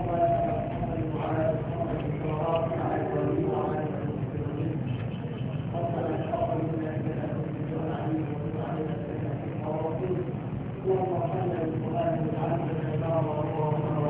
اللهم صل على محمد وعلى ال محمد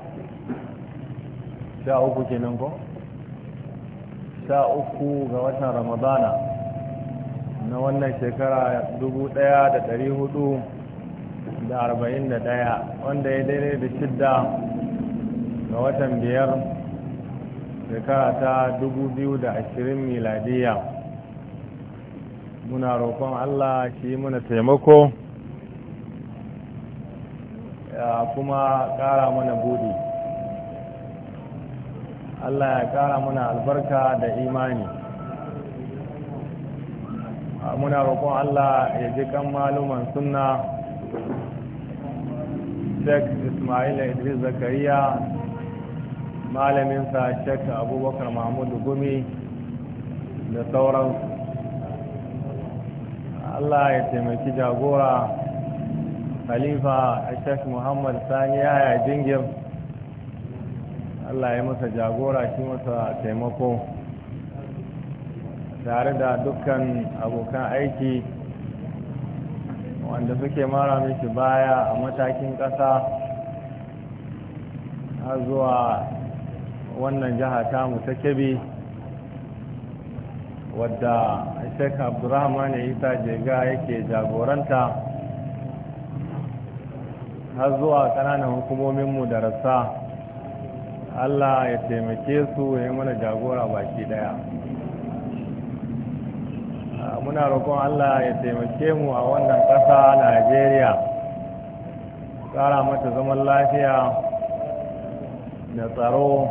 sha uku kenan ko sha uku ga watan ramadana na wannan shekara da arba'in 1441 wanda ya daidai da shidda ga watan biyar shekara ta da ashirin miladiya muna roƙon allah shi muna taimako kuma ƙara mana buɗi Allah ya ƙara muna albarka da imani muna roƙon Allah ya ji kan maluman sunna Sheikh Ismail Idris Zakariya malaminsa Sheikh Abubakar Mahmudu Gumi da sauran Allah ya taimaki jagora Khalifa Sheikh Muhammad Sani ya jingir Allah ya masa jagora shi masa taimako tare da dukkan abokan aiki wanda suke mara mishi baya a matakin ƙasa har zuwa wannan jiha tamu ta kebe wadda sheik abdurrahman isa jega yake jagoranta har zuwa ƙananan hukumominmu da rassa Allah ya taimake su ya yi mana jagora baki daya muna roƙon Allah ya taimake mu a wannan ƙasa Najeriya ƙara mata zaman lafiya da tsaro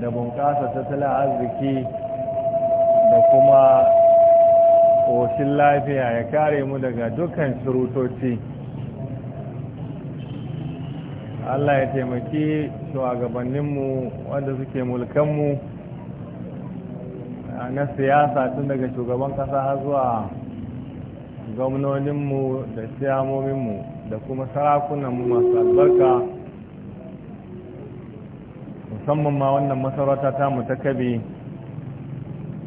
da bunƙasa tattalin arziki da kuma ƙoshin lafiya ya kare mu daga dukkan surutoci Allah ya taimaki shugabanninmu wanda suke mulkanmu na siyasa tun daga shugaban kasa har zuwa gwamnoninmu da siyamominmu da kuma sarakunanmu masu albarka musamman ma wannan masarauta ta mu ta kabe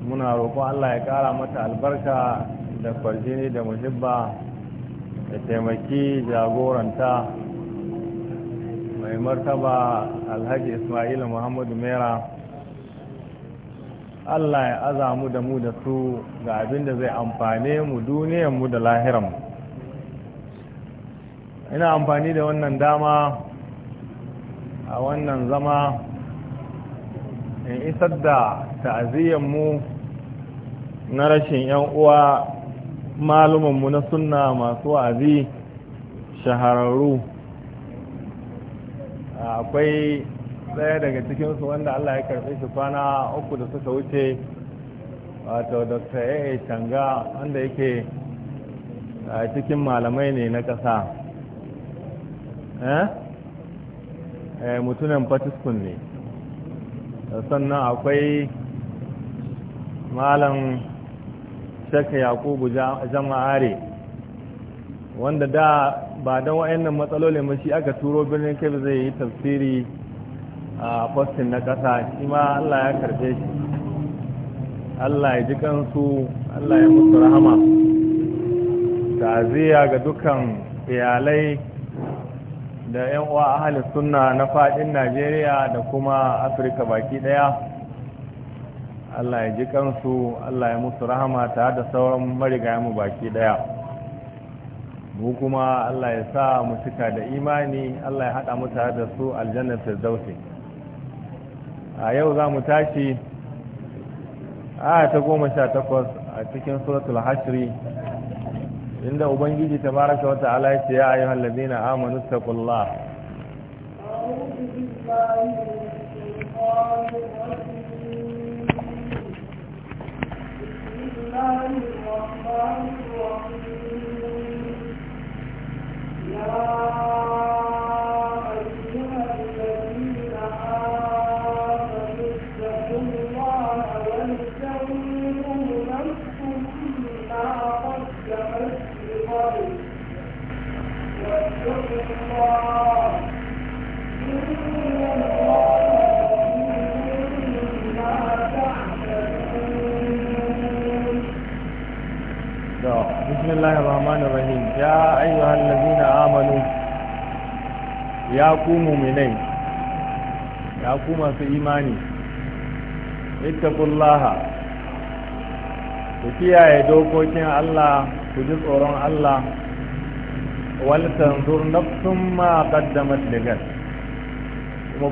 muna roƙon allah ya ƙara mata albarka da kwarjini da muhibba da taimaki jagoranta mai martaba alhaji ismail muhammadu mera allah ya azamu da mu da su ga abin da zai amfane mu duniyanmu da lahiran ina amfani da wannan dama a wannan zama in isar da mu na rashin 'yan uwa mu na sunna masu wa'azi shahararru akwai ɗaya daga cikinsu wanda Allah ya karɓe shi kwana uku da suka wuce wato dr a tanga wanda yake a cikin malamai ne na ƙasa eh, eh mutunan patiskun ne sannan akwai malam shakka yakubu jama'are wanda da ba don wa'annan matsalolin ba shi aka turo birnin kebe zai yi tafsiri a fostin na ƙasa shi ma allah ya karfe shi allah ya ji kansu allah ya musu rahama ziya ga dukkan iyalai da 'yan uwa ahali suna na fadin najeriya da kuma afirka baki daya allah ya ji kansu allah ya musu rahama tare da sauran marigayenmu baki daya mu kuma Allah ya sa mu cika da imani Allah ya haɗa mu tare da su aljannar firdausi a yau za mu tashi a ta goma sha takwas a cikin suratul hashri inda ubangiji tabaraka wa ta'ala ya ce ya ayyuhal ladina amanu taqullah بسم Yeah. بسم الله الرحمن الرحيم يا أيها الذين آمنوا يا قوموا منين يا قوم في إيماني اتقوا الله وكيا يدوكو الله وجد أوران الله ولتنظر نفس ما قدمت لغد kuma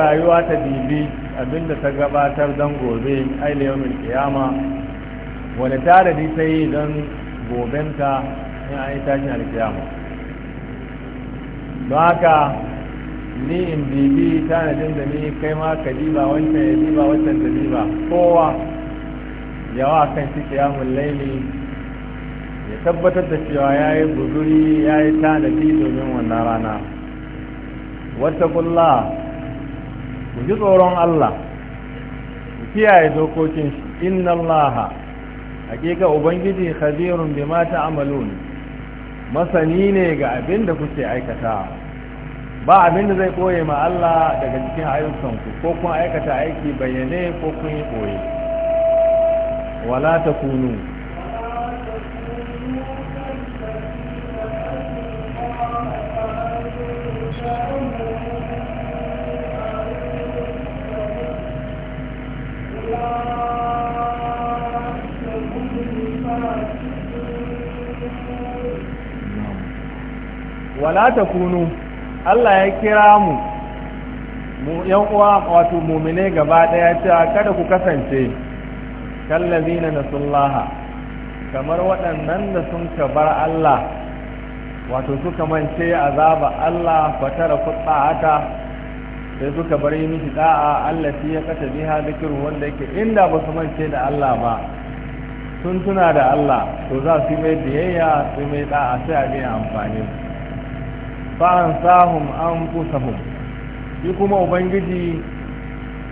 رايوات rayuwa ta bibi abinda ta gabatar don gobe aile yawon kiyama wani tarihi ta yi don gobenka in an yi tashin alkiyama don haka ni in bibi tanadin da ni kai ma ka diba wancan ya diba wancan da diba kowa yawa kan shi kiyamun laili ya tabbatar da cewa ya yi guzuri ya yi tanadi domin wannan rana wata kulla ku ji tsoron allah ku kiyaye dokokin shi inna allaha hakika ubangiji khabirun bima ta'malun masani ne ga abin da kuke aikata ba abin da zai koye ma Allah daga cikin ayyukanku ko kun aikata aiki bayyane ko kun yi koye wala takunu la kunu Allah ya kira mu yan uwa wato mu'mine gaba daya cewa kada ku kasance kallazina nasullaha kamar waɗannan da sun ka bar Allah wato suka mance azaba Allah fatara kutsa'ata sai suka bar yi miki da'a Allah shi ya kata biha zikiru wanda yake inda ba su mance da Allah ba sun tuna da Allah to za su yi mai biyayya su mai da'a sai a biya amfani fa'ansahum anfusahum shi kuma ubangiji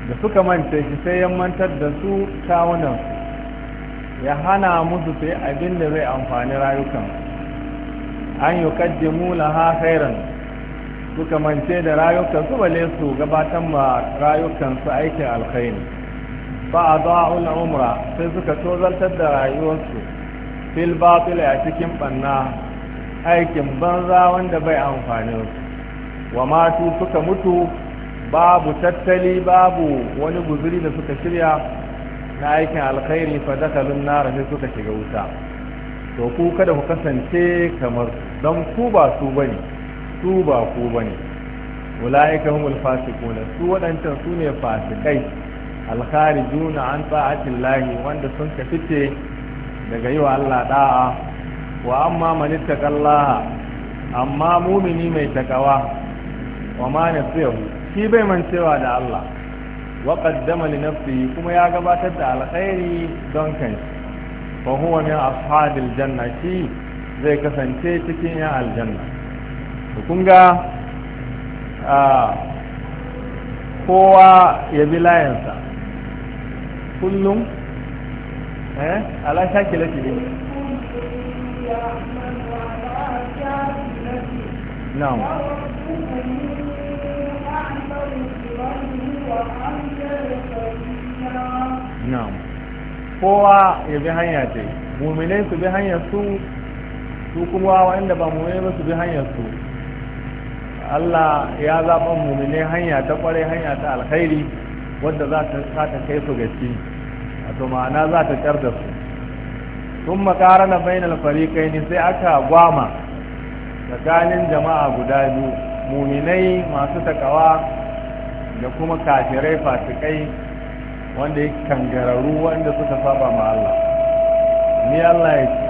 da suka manta shi sai ya mantar da su kawunan ya hana musu sai abin da zai amfani rayukan an yi mula ha khairan suka mance da rayukan su bale su gabatar ma rayukan su aikin alkhairi ba a za'ul umra sai suka tozartar da rayuwarsu fil batil a cikin banna aikin banza wanda bai amfanin wa matu suka mutu babu tattali babu wani guzuri da suka shirya na aikin alkhairi fa dakalun nara sai suka shiga wuta to ku kada ku kasance kamar don ku ba su bane su ba ku bane ulaika humul fasiqun su wadancan su ne fasikai alkharijuna an ta'atillahi wanda sun ka fice daga yi wa Allah da'a wa amma man ittaqallaha amma mumini mai takawa wa ma nasiyahu shi bai mancewa da Allah wa qaddama li nafsihi kuma ya gabatar da alkhairi don kansa fa huwa min ashabil janna zai kasance cikin ya aljanna kun ga kowa ya bi layansa kullum eh ala shakilati kowa ya bi hanya ce muminai su bi hanyar su su kuma waɗanda ba muminai ba su bi hanyar su Allah ya zaɓa muminai hanya ta ƙwarai hanya ta alkhairi wadda za ta kai su gaci wato ma'ana za ta ƙar da su sun na bainal farikai ne sai aka gwama tsakanin jama'a guda biyu muminai masu takawa da kuma kafirai fasikai wanda ya kangararru wanda suka saba ma Allah ni Allah ya ce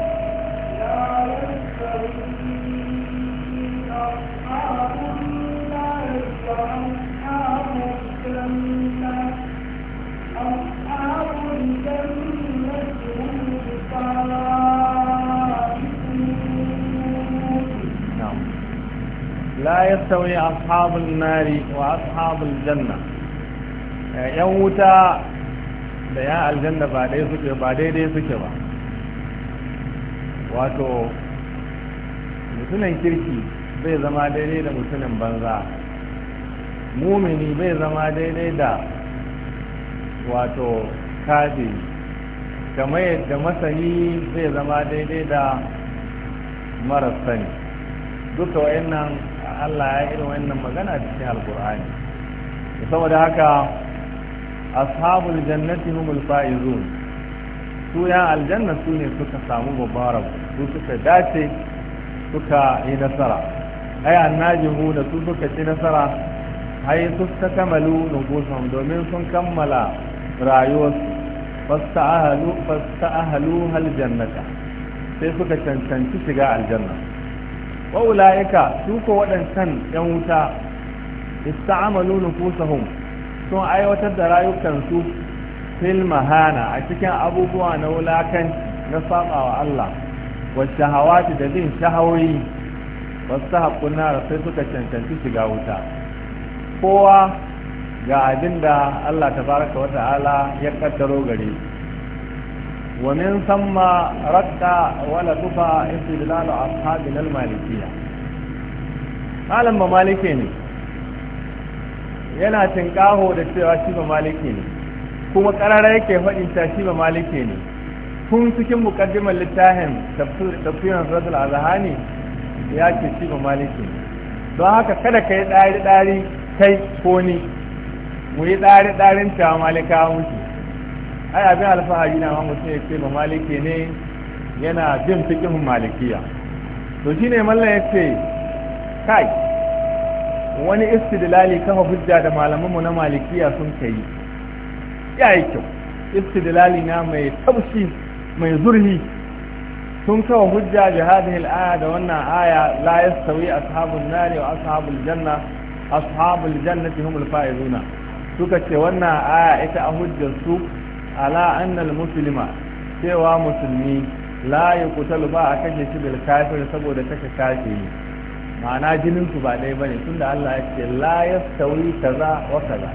la yastawi ashabun nari wa ashabul janna yan wuta da yan aljanna ba daidai suke ba wato mutumin kirki bai zama daidai da mutumin banza mumini bai zama daidai da wato kadi kamar yadda masani zai zama daidai da maras sani duka wayannan Allah ya irin wannan magana cikin alkur'ani saboda haka ashabul jannati humul faizun su ya aljanna su ne suka samu babban su suka dace suka yi nasara ai annajihu da su suka ci nasara ai su ta kamalu domin sun kammala rayuwarsu fasta'ahalu fasta'ahalu hal jannata sai suka cancanci shiga aljanna wa ula'ika su ko waɗancan yan wuta ista'amalu nufusahum sun aiwatar da rayukansu fil mahana a cikin abubuwa na wulakan na sabawa Allah wacce shahawati da bin shahawoyi wasu haƙun sai suka cancanci shiga wuta kowa ga abinda Allah ta baraka wata ala ya kaddaro gare shi ومن ثم رد ولطف استدلال أصحابنا المالكيه قال ما مالكيني ne yana tinkaho da cewa shi ba maliki ne kuma karara yake faɗin ta shi ba maliki ne tun cikin muqaddimar littafin tafsirin rasul azhani ya ce shi ba maliki ne don haka kada ka yi ɗari ɗari kai ko ni mu yi ɗari ɗarin ta malika mutu ai abin alfahari na ma mutum ya ce ma maliki ne yana bin cikin malikiya to shine mallan ya ce kai wani istidlali kafa hujja da malamanmu na malikiya sun kai ya yi kyau istidlali na mai taushi mai zurhi sun kawo hujja da hadhihi aya da wannan aya la yastawi ashabun nari wa ashabul janna ashabul jannati humul faizuna suka ce wannan aya ita a hujjar su ala annal muslima cewa musulmi la yuqtalu ba a kashe shi bil kafir saboda kashe ne. ma'ana jinin su ba dai bane tunda Allah ya ce la yastawi kaza wa kaza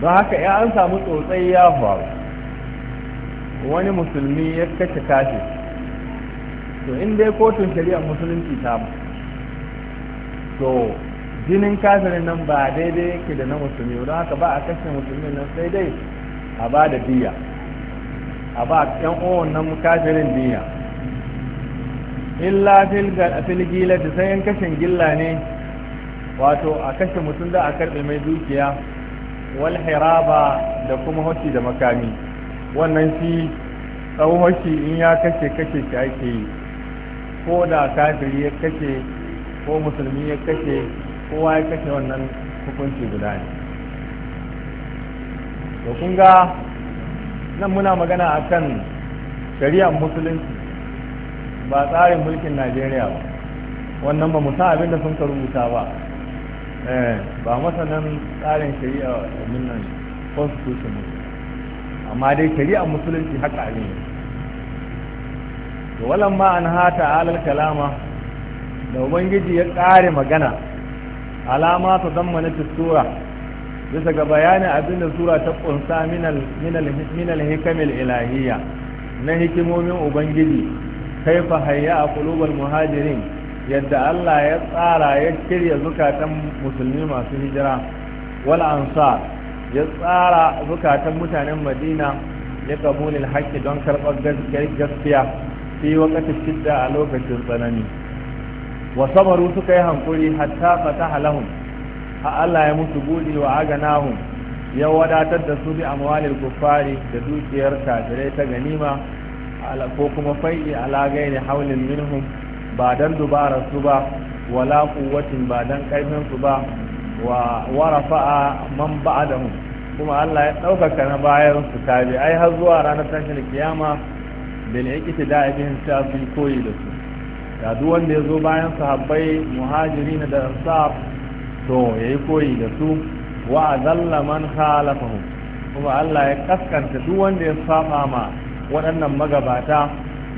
don haka ya an samu tsotsai ya faru wani musulmi ya kashe kafiri to in dai kotun shari'ar musulunci ta to jinin kafirin nan ba daidai yake da na musulmi don haka ba a kashe musulmin nan sai dai a ba da diya a ba yan uwan nan kafirin diya illa filgila da sayan kashin gilla ne wato a kashe mutum da a karɓe mai dukiya wal hiraba da kuma hoshi da makami wannan shi tsawon hoshi in ya kashe kashe shi ake yi ko da kafiri ya kashe ko musulmi ya kashe kowa ya kashe wannan hukunci guda ne to kun ga nan muna magana a akan shari'ar musulunci ba tsarin mulkin najeriya ba wannan ba mu abin da sun ka rubuta ba eh, ba masanan tsarin shari'a abin nan constitution amma dai shari'ar musulunci haka ne to walan ma an hata alal kalama da ubangiji ya kare magana alama ta na tusura bisa ga bayanin abin da sura ta ƙunsa minal hikamil ilahiya na hikimomin ubangiji kaifa hayya a kulubar muhajirin yadda Allah ya tsara ya shirya zukatan musulmi masu hijira wal ansar ya tsara zukatan mutanen madina ya kabuli haƙƙi don karɓar gaskiya fi wakati shidda a lokacin tsanani wa sabaru suka yi hankuri hatta fata halahun a Allah ya mutu gudi wa aganahum ya wadatar da su bi amwalil kuffari da dukiyar kafirai ta ganima ko kuma fai'i ala gairi haulin minhum ba dan dubara su ba wala quwwatin ba dan karfin su ba wa warafa'a man ba'dahum kuma Allah ya ɗaukaka na bayan su tabi ai har zuwa ranar tashin kiyama bil iqtida bihim ta sun koyi da su da duk wanda ya zo bayan sahabbai muhajirin da ansar to ya yi koyi da su wa zalla man mu kuma Allah ya kaskanta duk wanda ya saba ma waɗannan magabata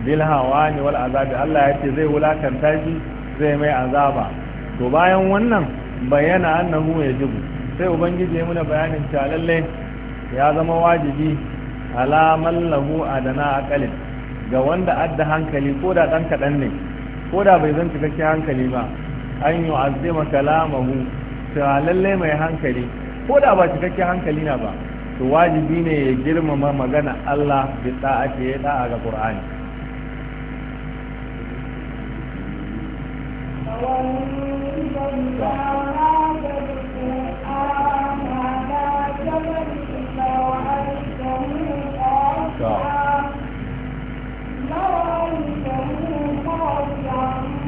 bilhawa ne wal azabi Allah ya ce zai wulakanta shi zai mai azaba to bayan wannan bayyana annahu jigu sai ubangiji ya muna bayanin cewa lalle ya zama wajibi alaman lahu adana aqalin ga wanda adda hankali ko da dan kadan ne ko da bai zan cikakken hankali ba an yi azima kalamahu ta lalle mai hankali ko da ba cikakken hankali na ba to wajibi ne ya girmama magana Allah bi ta'ati ya da'a ga Qur'ani Yeah.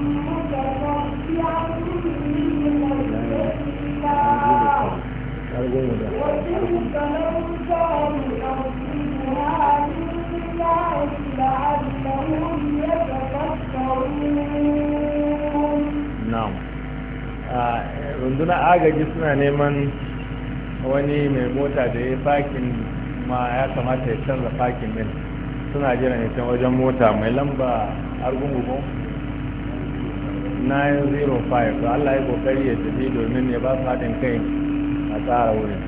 runduna agaji suna neman wani mai mota da ya fakin ma ya kamata ya canza fakin din suna jira ne can wajen mota mai lamba argungu 905 to Allah ya kokari ya tafi domin ya ba su haɗin kai tsara wurin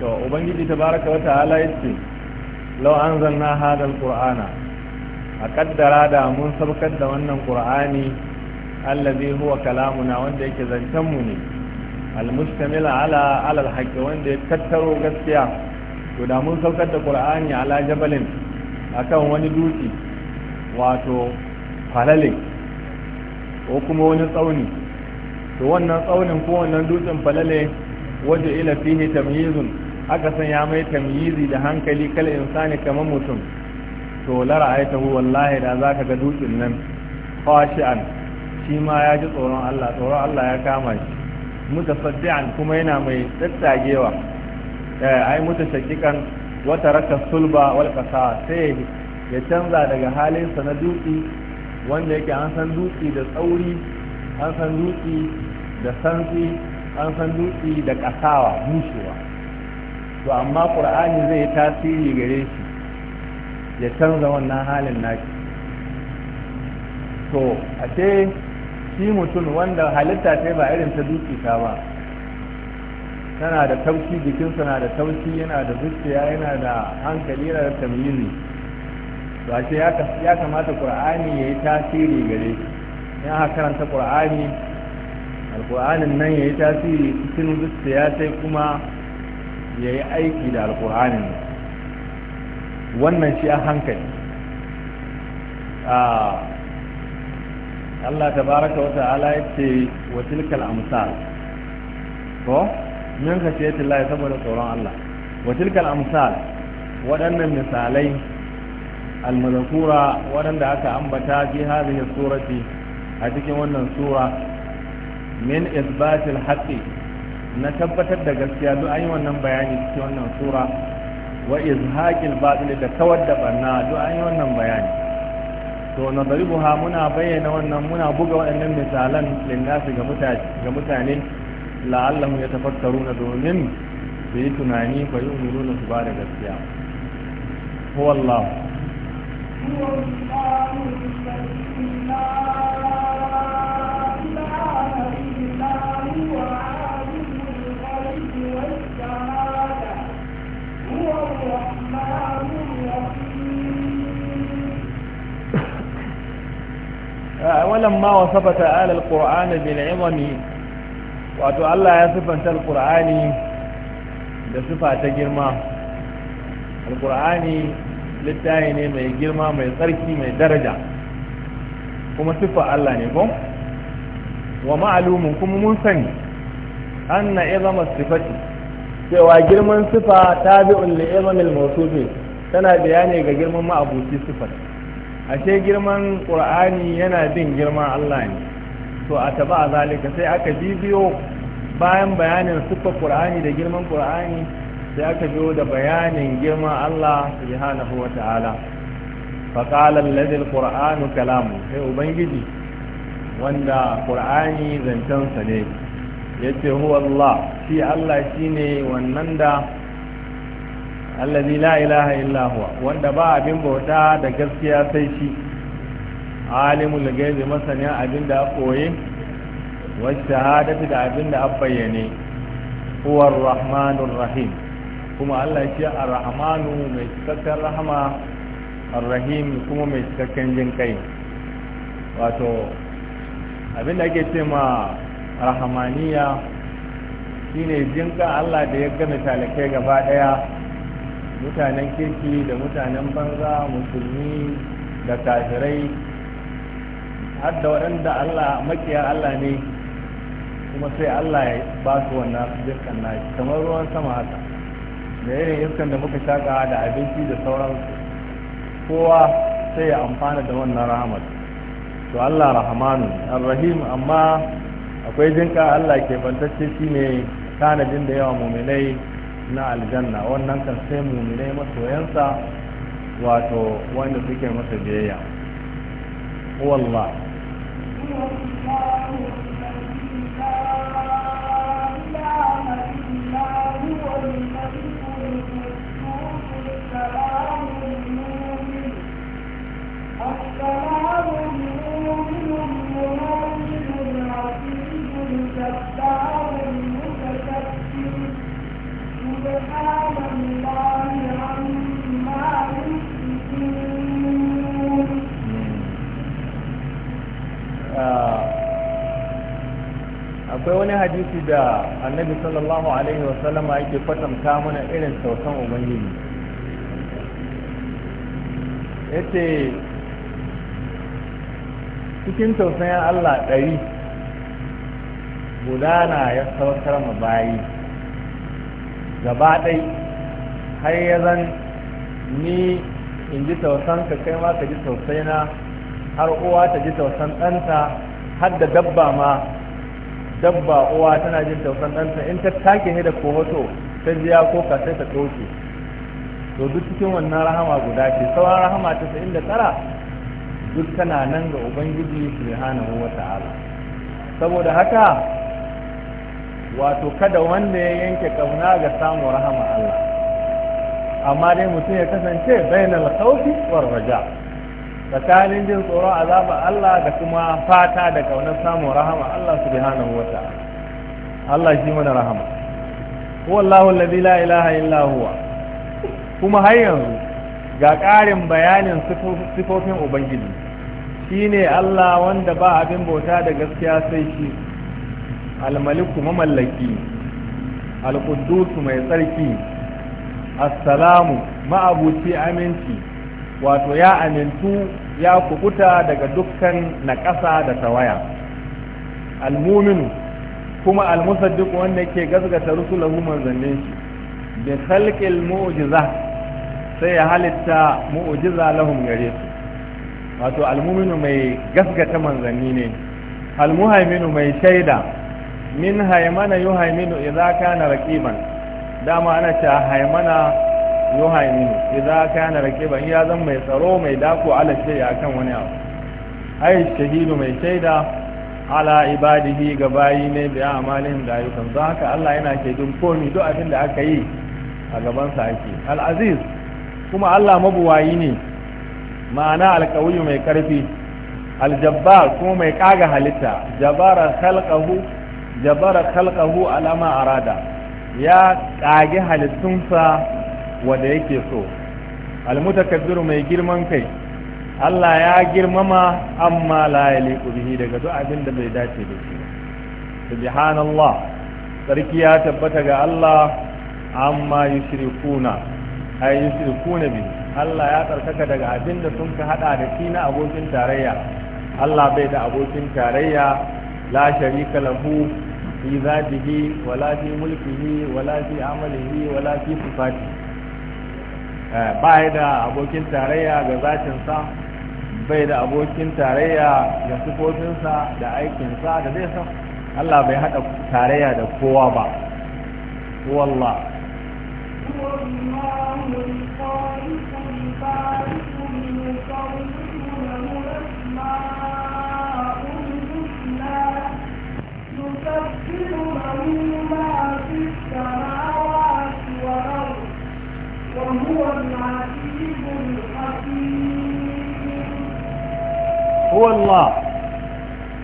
to ubangiji tabaraka wa ta'ala yace law anzalna hadha alqur'ana a kaddara da mun sabkar da wannan qur'ani allazi huwa kalamuna wanda yake zancen mu ne almustamil ala ala alhaqi wanda ya tattaro gaskiya to da mun saukar da qur'ani ala jabalin akan wani dutse wato falale ko kuma wani tsauni to wannan tsaunin ko wannan dutsen falale waje ila fihi tamyizun aka sanya mai tamyizi da hankali kal insani kamar mutum to la ra'aytahu wallahi da zaka ga dutsen nan khashi'an shi ma ya ji tsoron Allah tsoron Allah ya kama shi mutasaddian kuma yana mai tattagewa eh ai mutashaqiqan wa taraka sulba wal qasa sai ya canza daga halinsa na dutsi wanda yake an san dutsi da tsauri an san dutsi. da santsi an san dutse da ƙasawa bushewa to amma ƙur'ani zai yi tasiri gare shi ya canza wannan halin naki to a ce shi mutum wanda halitta ce ba irin ta dutse ta ba tana da taushi jikinsa na da taushi yana da zuciya yana da hankali yana da tamyizi to a ce ya kamata ƙur'ani ya yi tasiri gare shi in aka karanta ƙur'ani alkur'anin nan ya yi tasiri cikin zuciya sai kuma ya yi aiki da alƙur'anin wannan shi a hankali Allah ta baraka wa ta'ala ya ce wa tilkal amsal ko min ka ce saboda tsoron Allah wa tilkal amsal waɗannan misalai almazakura waɗanda aka ambata fi hadhihi surati a cikin wannan sura min isbatil haqqi na tabbatar da gaskiya duk an yi wannan bayani cikin wannan sura wa izhaqil batil da kawar da barna duk an yi wannan bayani to na buha muna bayyana wannan muna buga waɗannan misalan linnasi ga mutane ga ya la'allahum na domin su yi tunani fa yu'minuna su ba da gaskiya huwa Allah walamma wasafa ta'ala alqur'ana bil imami wato Allah ya sifanta alqur'ani da sifa ta girma alqur'ani littafi ne mai girma mai tsarki mai daraja kuma sifa Allah ne ko wa ma'lumun kuma mun sani anna izama cewa girman sifa tabi'un li izamil tana bayani ga girman ma'abuci sifati ashe girman qur'ani yana bin girman Allah ne to a taba a zalika sai aka bibiyo bayan bayanin sufa qur'ani da girman qur'ani sai aka biyo da bayanin girman Allah subhanahu wa ta'ala faqala alladhi alqur'anu kalamu sai ubangiji wanda qur'ani zancensa ne yace huwa Allah shi Allah shine wannan da allazi la ilaha illa huwa wanda ba abin bauta da gaskiya sai shi alimul gaibi masani abin da koye wa shahadatu da abin da bayyane huwa rahmanur rahim kuma Allah shi ar-rahmanu mai cikakken rahama ar-rahim kuma mai cikakken jin kai wato abin da ake ce ma rahmaniya shine jinka Allah da ya gane talakai gaba daya mutanen kirki da mutanen banza musulmi da kafirai har da waɗanda Allah makiya Allah ne kuma sai Allah ya ba su wannan na nashi kamar ruwan sama haka da irin iskan da muka shaƙa da abinci da sauran kowa sai ya amfana da wannan rahamar to Allah rahamanu al-rahim amma akwai jinka Allah ke bantacce ne tanadin da yawa muminai na aljanna wannan kan sai muminai masoyansa wato wanda suke masa biyayya wallah akwai wani hadisi da annabi sallallahu alaihi wasallama yake kwatanta mana irin sautan ubangiji yace cikin tausayin allah ɗari gudana ya saukar ma bayi gaba ɗai har ya zan ni in ji sautan ka kai ma ka ji sautaina har uwa ta ji tausan ɗanta har da dabba ma dabba uwa tana jin tausan ɗanta in ta take ne da kohoto ta jiya ko ka sai ta ɗauke to duk cikin wannan rahama guda ce sauran rahama ta sa'in da tara duk tana nan ga ubangiji subhanahu wa ta'ala saboda haka wato kada wanda ya yanke kauna ga samun rahama Allah amma dai mutum ya kasance bainal khawfi war raja' tsakanin jin tsoron azaba Allah da kuma fata da kaunar samun rahama Allah subhanahu wa ta'ala Allah shi mana rahama wallahu alladhi la ilaha illa huwa kuma har yanzu ga ƙarin bayanin sifofin ubangiji shine Allah wanda ba abin bauta da gaskiya sai shi almaliku mamallaki alquddus mai tsarki assalamu ma'abuci aminci wato ya amintu ya kubuta daga dukkan ƙasa da tawaya Almuminu. kuma almusaddiq wanda ke gazgata rusulahu manzannin shi bi khalqil mu'jiza sai ya halitta mu'jiza lahum gare su wato almuminu mai gasgata manzanni ne almuhaiminu mai shaida min haymana yuhaiminu idza kana raqiban dama ana ta haimana yuhaiminu idza kana raqiba ya zan mai tsaro mai dako ala shay'a akan wani abu ai shahidu mai shaida ala ibadihi ga bayi ne bi amalin da ayyukan don haka Allah yana shaidun komi duk abin da aka yi a gaban sa ake al aziz kuma Allah mabuwayi ne ma'ana alƙawiyu mai ƙarfi aljabbar kuma mai ƙaga halitta jabara khalqahu jabara khalqahu alama arada ya ƙage halittunsa wanda yake so almutakabbiru mai girman kai Allah ya girmama amma la yaliqu bihi daga duk abin da bai dace da shi subhanallah sarki ya tabbata ga Allah amma yushrikuna ay yushrikuna bi Allah ya tsarkaka daga abin da sun ka hada da shi na abokin tarayya Allah bai da abokin tarayya la sharika lahu fi zatihi wala fi mulkihi wala fi amalihi wala fi sifatihi ba da abokin tarayya ga sa bai da abokin tarayya ga sa da sa da zai sa Allah bai haɗa tarayya da kowa ba wallah يسبح وهو العزيز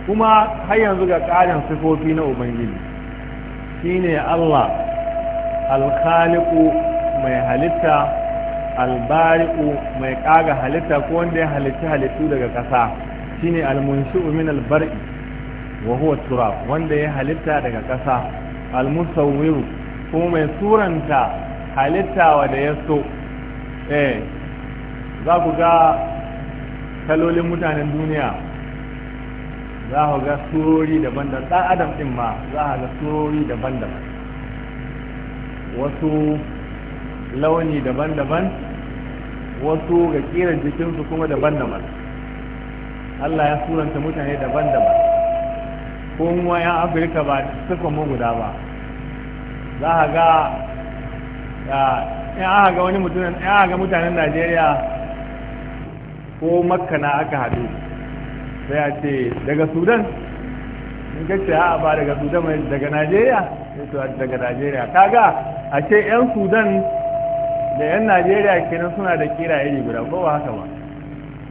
kuma har yanzu ga ƙarin sifofi na ubangiji shine Allah alkhaliku mai halitta albari'u mai ƙaga halitta ko wanda ya halitti halittu daga ƙasa shine almunshi'u min albar'i wa huwa wanda ya halitta daga ƙasa almusawwiru ko mai suranta halitta wanda da ya so eh za ku ga kalolin mutanen duniya za ku ga surori daban-daban ɗan adam ɗin ma za ku ga surori daban-daban wasu launi daban-daban wasu ga kiran jikinsu kuma daban-daban Allah ya suranta mutane daban-daban kuma 'yan afirka ba suka mu guda ba za ka ga ya ga wani mutumin ya aka ga mutanen najeriya ko makka na aka haɗu sai a ce daga sudan in ka ya ba daga sudan mai daga najeriya sai daga najeriya kaga a ce yan sudan da yan najeriya kenan suna da kira iri guda ko ba haka ba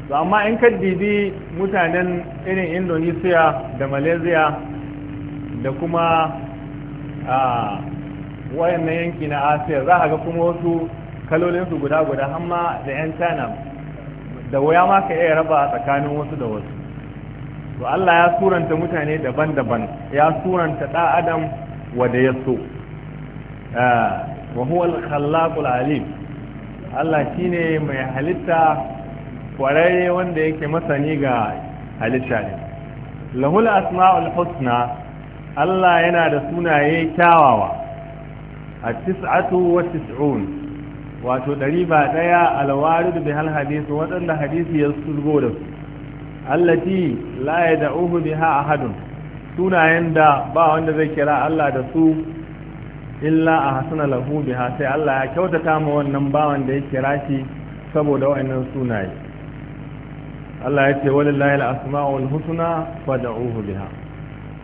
to amma in ka didi mutanen irin indonesiya da malaysia da kuma ah, wayannan yanki na asiya za a ga kuma wasu kalolinsu guda guda hamma da 'yan china da waya ma ka iya raba tsakanin wasu da wasu to Allah ya suranta mutane daban-daban ya suranta da adam wada ya so ah, wa huwa al-khallaqul alim Allah shine mai halitta kwararre wanda yake masani ga halitta ne lahul asma'ul husna Allah yana da sunaye kyawawa التسعة والتسعون wato ɗari ba ɗaya alwarid bi hal hadisi waɗanda hadisi ya sulgo da su allati la ya da'uhu biha ahadun sunayen da ba wanda zai kira Allah da su illa a hasana lahu biha sai Allah ya kyautata ma wannan bawan da ya kira shi saboda wa'annan sunaye Allah ya ce walillahi al-asma'ul husna fad'uhu biha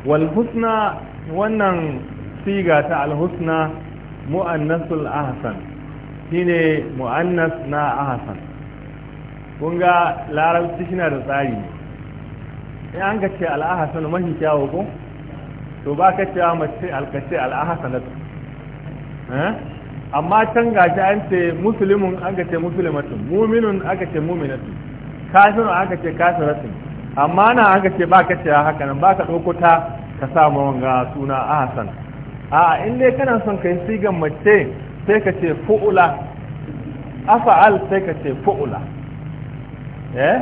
wal husna wannan siga ta al-husna mu'annasul ahsan shine mu'annas na ahsan kun ga larabci shi na da tsari in an ka ce al'ahasan mahi kyawo ko to ba ka cewa mace alkace al'ahasanat eh? amma can gashi an ce musulmin an ka ce musulmatun muminun aka ce Kafin kafirun aka ce kafiratun amma na aka ce ba ka cewa haka nan ba ka ɗauko ta ka sa wanga suna ahasan a in dai kana son kai sigan mace sai ka ce fu'ula afa'al sai ka ce fu'ula eh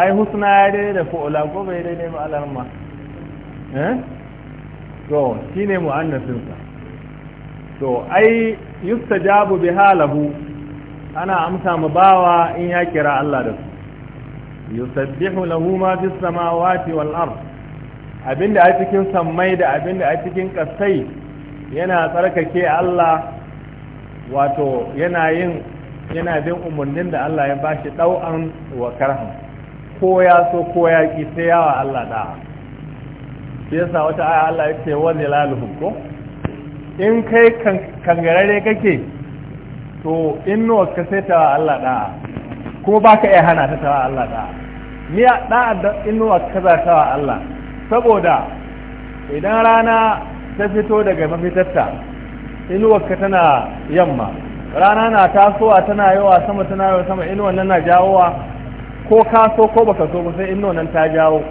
ai husna ya daidai da fu'ula ko bai daidai ba ma eh to shine mu'annasin sa to ai yustajabu bihalahu ana amsa mu bawa in ya kira Allah da su yusabbihu lahu ma fis samawati wal ardh abinda a cikin sammai da abinda a cikin kasai yana tsarkake Allah wato yana yin yana bin umarnin da Allah ya bashi ɗau'an wa karhan ko ya so ko ya ki sai yawa Allah da shi yasa wata aya Allah ya ce wani laluhum ko in kai kangarare kake to in nawa ka sai ta Allah da kuma baka iya hana ta tawa Allah da ni da in nawa ka za tawa Allah saboda idan rana ta fito daga mafitarta inuwarka tana yamma rana na tasowa tana yawa sama tana yawa sama inuwan nan na jawowa ko kaso ko baka so ba sai inuwan nan ta jawo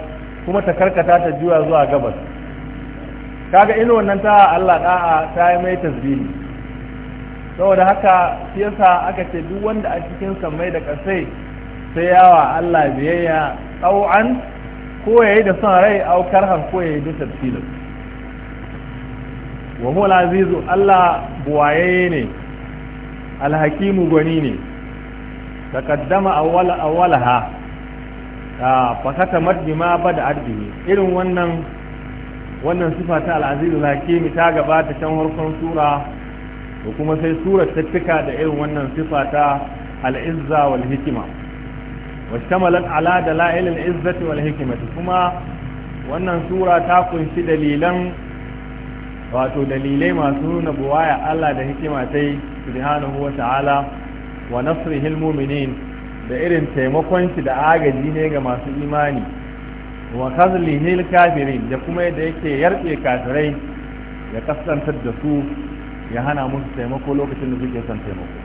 kuma ta karkata ta juya zuwa gabas kaga inuwan nan ta Allah da'a ta yi mai tasbini? saboda haka siyasa yasa aka ce duk wanda a cikin sammai da kasai sai yawa Allah biyayya tsau'an ko ya yi da son rai au karhan ko ya yi da tafsilin wa huwa azizu Allah buwaye ne alhakimu gwani ne takaddama awwala awwalaha fa katamat ba bada arziki. irin wannan wannan sifa ta al-azizu hakimi ta gabata can harkon sura da kuma sai surar ta da irin wannan sifa ta al wal hikima washtamalat ala dalail al-izzati wal hikimati. kuma wannan sura ta kunshi dalilan wato dalilai masu nuna buwaya Allah da hikima tai subhanahu wa ta'ala wa nasrihil mu'minin da irin taimakon shi da agaji ne ga masu imani wa kazlihil kafirin da kuma yadda yake yarbe kafirai ya kasantar da su ya hana musu taimako lokacin da suke son taimako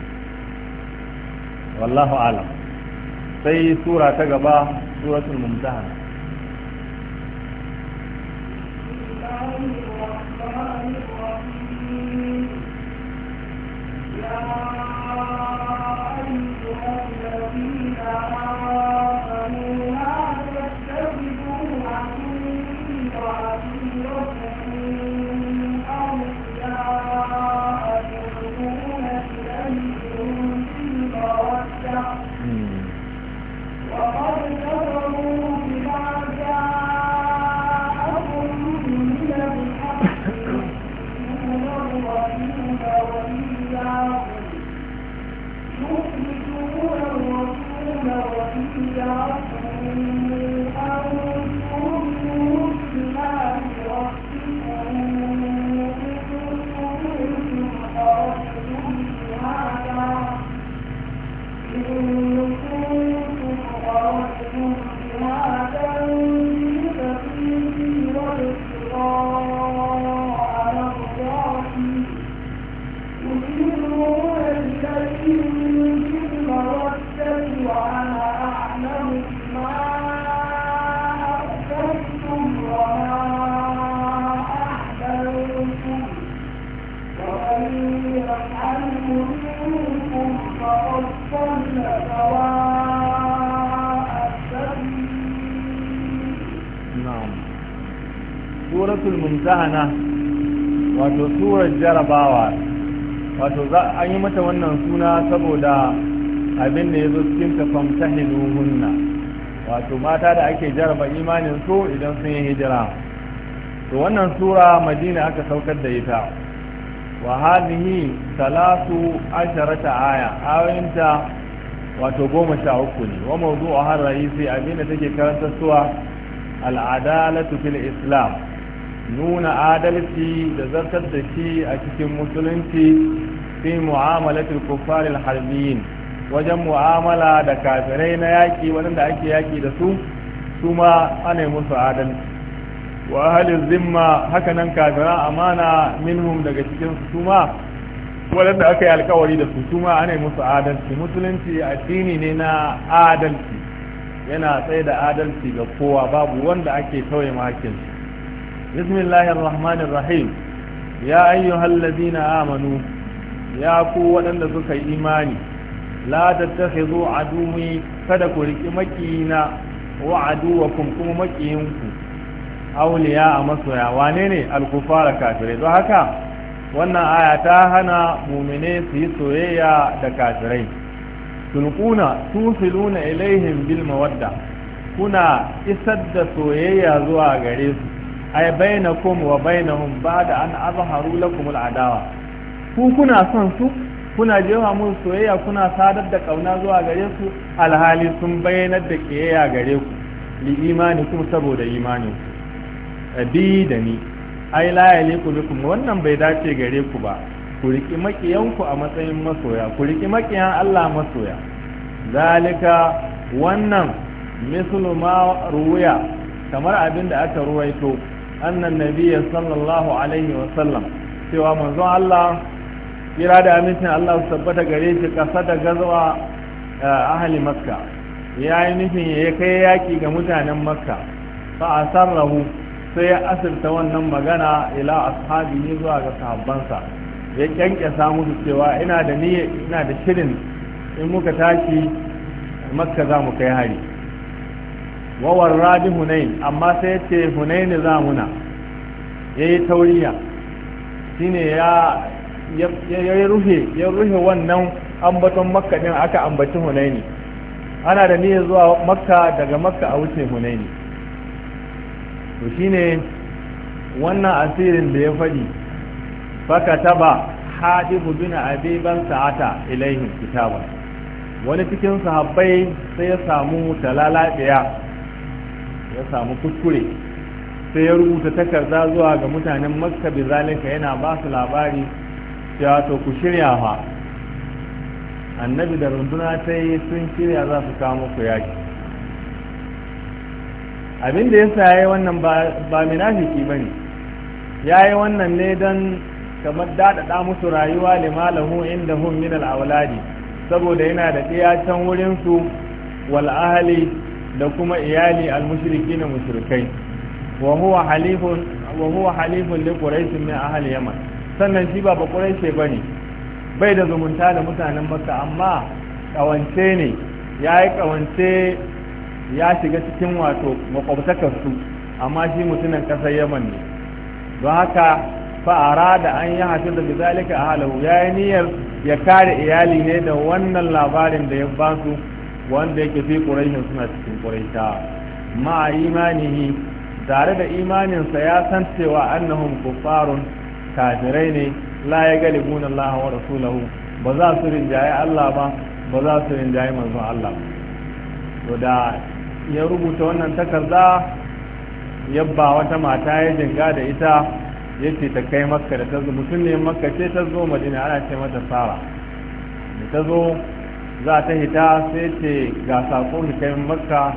wallahu alam sai sura ta gaba suratul mumtahana Yeah. نفعل منكم wato surar jarabawa wato za an yi mata wannan suna saboda abin da ya zo cikin tafamtahinu hunna wato mata da ake jaraba imanin su idan sun yi hijira to wannan sura madina aka saukar da ita wa hadhihi salatu asharata aya ayoyinta wato goma sha uku ne wa mawdu'a har ra'isi abinda take karanta suwa al'adalatu fil islam nuna adalci da zartar da shi a cikin musulunci fi mu'amalatul kuffar al-harbiyin wajen mu'amala da kafirai na yaki waɗanda ake yaki da su su ma ana musu adalci wa halin zimma hakanan kafira amana minhum daga cikin su suma waɗanda aka yi alkawari da su suma ana yi musu adalci musulunci addini ne na adalci yana tsaye da adalci ga kowa babu wanda ake tauye makin bismillahir rahmanir rahim ya ayyuhal ladina amanu ya ku waɗanda suka yi imani la tattakhidhu aduwi kada ku riki makiyina wa aduwakum kuma makiyinku auliya a masoya wane ne alkufara kafirai don haka wannan aya ta hana mumine su yi soyayya da kafirai tulquna tusiluna ilaihim bil mawadda kuna isar da soyayya zuwa gare su ay bainakum wa bainahum ba'da an azharu lakum al adawa ku kuna son su kuna jewa mun soyayya kuna sadar da kauna zuwa gare su alhali sun bayyana da kiyayya gare ku li imani kuma saboda imani bi da ni ai la yaliku bikum wannan bai dace gare ku ba ku riki ku a matsayin masoya ku riki makiyan Allah masoya zalika wannan mislu ma ruya kamar abin da aka ruwaito annan nabiyyi sallallahu alaihi wa sallam cewa manzon Allah kira da amincin Allah su tabbata gare shi kasa da gazawa eh, ahli makka ya yi nufin ya kai yaki ga mutanen makka fa asarrahu sai ya asirta wannan magana ila ashabi ne zuwa ga sahabbansa ya kyankyasa musu cewa ina da niyya ina da shirin in muka tashi makka za mu kai hari wa rabi hunain amma sai yace ce hunain za mu ya yi tauriya shine ya ya rufe ya ruhe wannan ambaton makka din aka ambaci hunaini ana da niyyar zuwa makka daga makka a wuce hunaini to shine wannan asirin da ya faɗi faka taba haɗibu bin ban sa'ata ilaihim kitabun wani cikin sahabbai sai ya samu ɗaya ya samu kuskure sai ya rubuta takarda zuwa ga mutanen makka bi zalika yana ba su labari cewa to ku shirya fa annabi da runduna ta yi sun shirya za su kawo ku yaki abin da ya yayi wannan ba minafiki ba ne ya yi wannan ne dan kamar daɗaɗa musu rayuwa limalahu inda hun min al-awladi saboda yana da iya can wurin su wal ahali da kuma iyali al mushrikin na mushrikai wa huwa halifun wa huwa halifun li quraish min ahli yaman sannan shi ba ba quraish bane bai da zumunta da mutanen makka amma kawance ne yayi kawance ya shiga cikin wato makwabtakarsu amma shi mutumin ƙasar yaman ne don haka fa'ara da an yi hasu da bizalika a halahu ya yi niyyar ya kare iyali ne da wannan labarin da ya ba su wanda yake fi ƙurashin suna cikin ƙuraita ma a imanihi tare da imaninsa ya san cewa annahum kuffarun kafirai ne la ya galibuna Allah wa rasulahu ba za su rinjaye Allah ba ba za su rinjaye manzon Allah to da ya rubuta wannan takarda yabba wata mata ya jinga da ita ya ce ta kai makka da ta zo mutum ne makka ce ta zo madina ana ce mata sara da ta zo za ta hita sai ce ga sako ni kai makka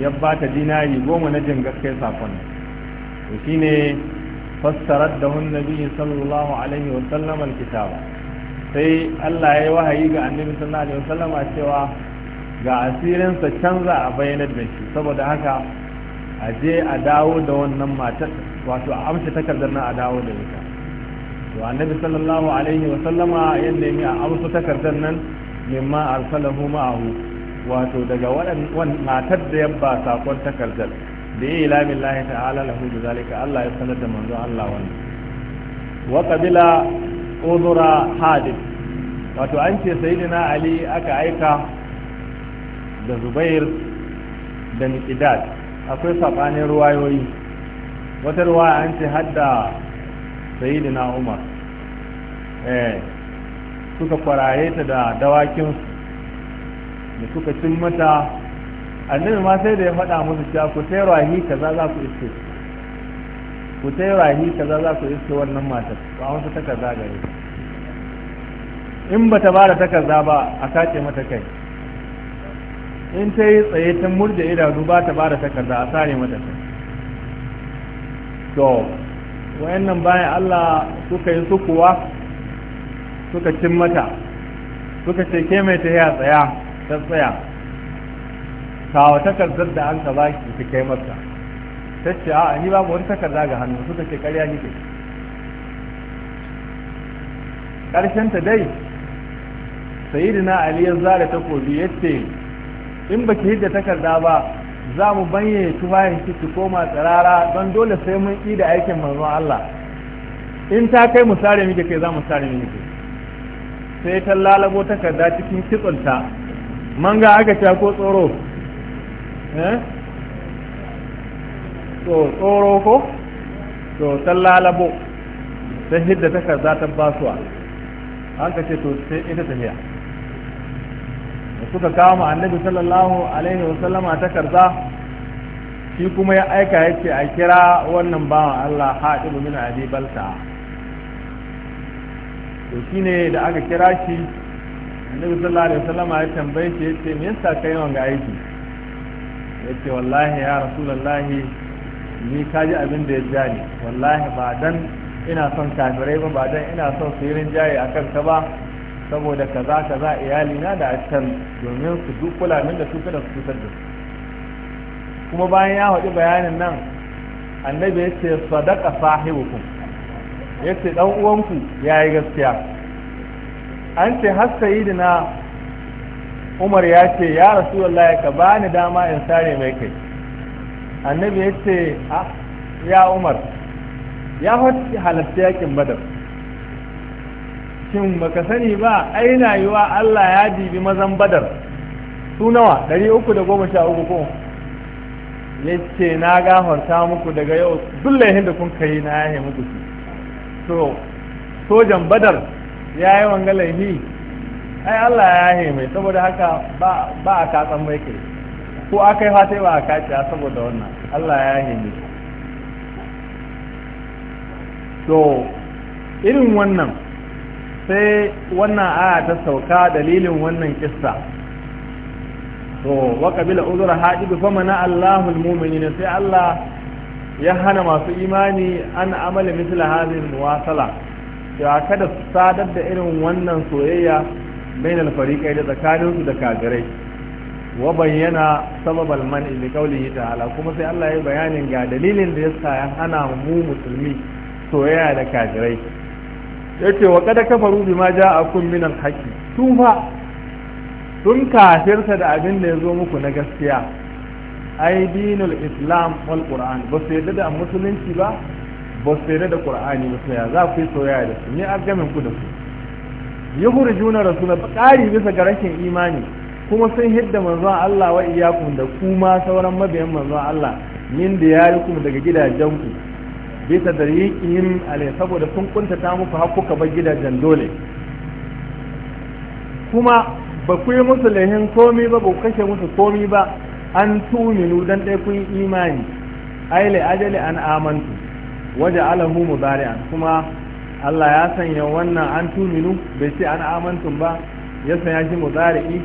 ya ba ta dinari goma na jinga kai sakon to shine fassarar da hun nabi sallallahu alaihi wa sallam alkitaba sai Allah ya yi wahayi ga annabi sallallahu alaihi wa sallama cewa ga asirinsa can za a bayyanar da shi saboda haka a je a dawo da wannan matar wato a amsa takardar na a dawo da ita to annabi sallallahu alaihi wa sallama ya nemi a amsa takardar nan mimma arsalahu ma'ahu wato daga wannan matar da ya ba sakon takardar da ya ila billahi ta'ala lahu bi zalika Allah ya sanar da manzo Allah wannan wa qabila udura hadith wato an ce sayyidina ali aka aika da zubair da miƙidad akwai saɓanin ruwayoyi wata ruwa an ce hadda na umar eh suka kwaraye ta da dawakinsu da suka cin mata annabi ma sai da ya faɗa musu cewa ku tai rahi kaza za ku iske ku tai rahi kaza za ku iske wannan matar ba wasu ta kaza gare in ba ta ba da ta kaza ba a kace mata kai in ta yi tsaye ta murda idanu ba ta bada takarda a sare mata ta to wayannan bayan Allah suka yi sukuwa suka cin mata suka ce ke mai ta tsaya ta tsaya kawo takardar da an ka ba ki ta kai mata ta ce a ni babu wani takarda ga hannu suka ce karya nike Karshen ta dai sayyidina ali ya zara takobi yace in baki hidda takarda ba za mu banye tufahin ki koma tsirara don dole sai mun yi da aikin manzon Allah in ta kai mu sare miki kai za mu sare miki sai ta lalabo takarda cikin kitsunta manga aka ta ko tsoro eh to tsoro ko to ta lalabo sai hidda takarda ta basuwa an ka ce to sai ita tafiya da suka kawo annabi sallallahu alaihi a takarda shi kuma ya aika ya ce a kira wannan bawan Allah haɗibu min abi balta to shine da aka kira shi annabi sallallahu alaihi wasallama ya tambaye shi ya ce me yasa kai wanga aiki ya ce wallahi ya rasulullahi ni ka ji abin da ya jari wallahi ba dan ina son kafirai ba ba dan ina son su yi rinjaye akan ka ba saboda kaza kaza iyalina da askan domin su duk kula min da su da su cutar da su kuma bayan ya haɗu bayanin nan annabi ya ce sadaka sahibukum ya ce ɗan uwanku ya yi gaskiya an ce da na umar ya ce ya rasu wallahi ka ba ni dama in sare mai kai annabi ya ce ah, ya umar ya halatta yakin badar shin baka sani ba ai na yiwa Allah ya dibi mazan badar su nawa 313 ko ya ce na gafarta muku daga yau laihin da kun kai na yahe muku su so sojan badar ya yi wanga laifi ai Allah ya yahe mai saboda haka ba a katsan mai kai ko aka yi fatai ba a kaci saboda wannan Allah ya yahe mai So irin wannan sai wannan aya ta sauka dalilin wannan kissa to wa qabila uzra hajib fa mana Allahul mu'minina sai Allah ya hana masu imani an amala mithla hadhihi muwasala ya kada su sadar da irin wannan soyayya bainal fariqai da tsakanin su da kafirai wa bayyana al man'i li qawlihi ta'ala kuma sai Allah ya bayanin ga dalilin da yasa ya hana mu musulmi soyayya da kafirai yace wa kada kafaru ja a kun minan haqqi tun fa tun kafirta da abin da zo muku na gaskiya ai dinul islam wal qur'an ba su yadda da musulunci ba ba su yadda da qur'ani ba sai za ku yi soyayya da su ne a gamin ku da su yukhrijuna rasula qari bisa ga rashin imani kuma sun hidda manzon Allah wa iyakum da kuma sauran mabiyan manzon Allah min kuma daga gidajen ku. bisa da yiƙihim alai saboda sun kunta ta muku har ba bar gidajen dole kuma ba ku yi musu lahin komi ba ba kashe musu komi ba an tuminu dan dai kun imani ai ajali an amantu waje alahu mubari'an kuma Allah ya sanya wannan an tuminu bai ce an amantu ba ya sanya shi muzari'i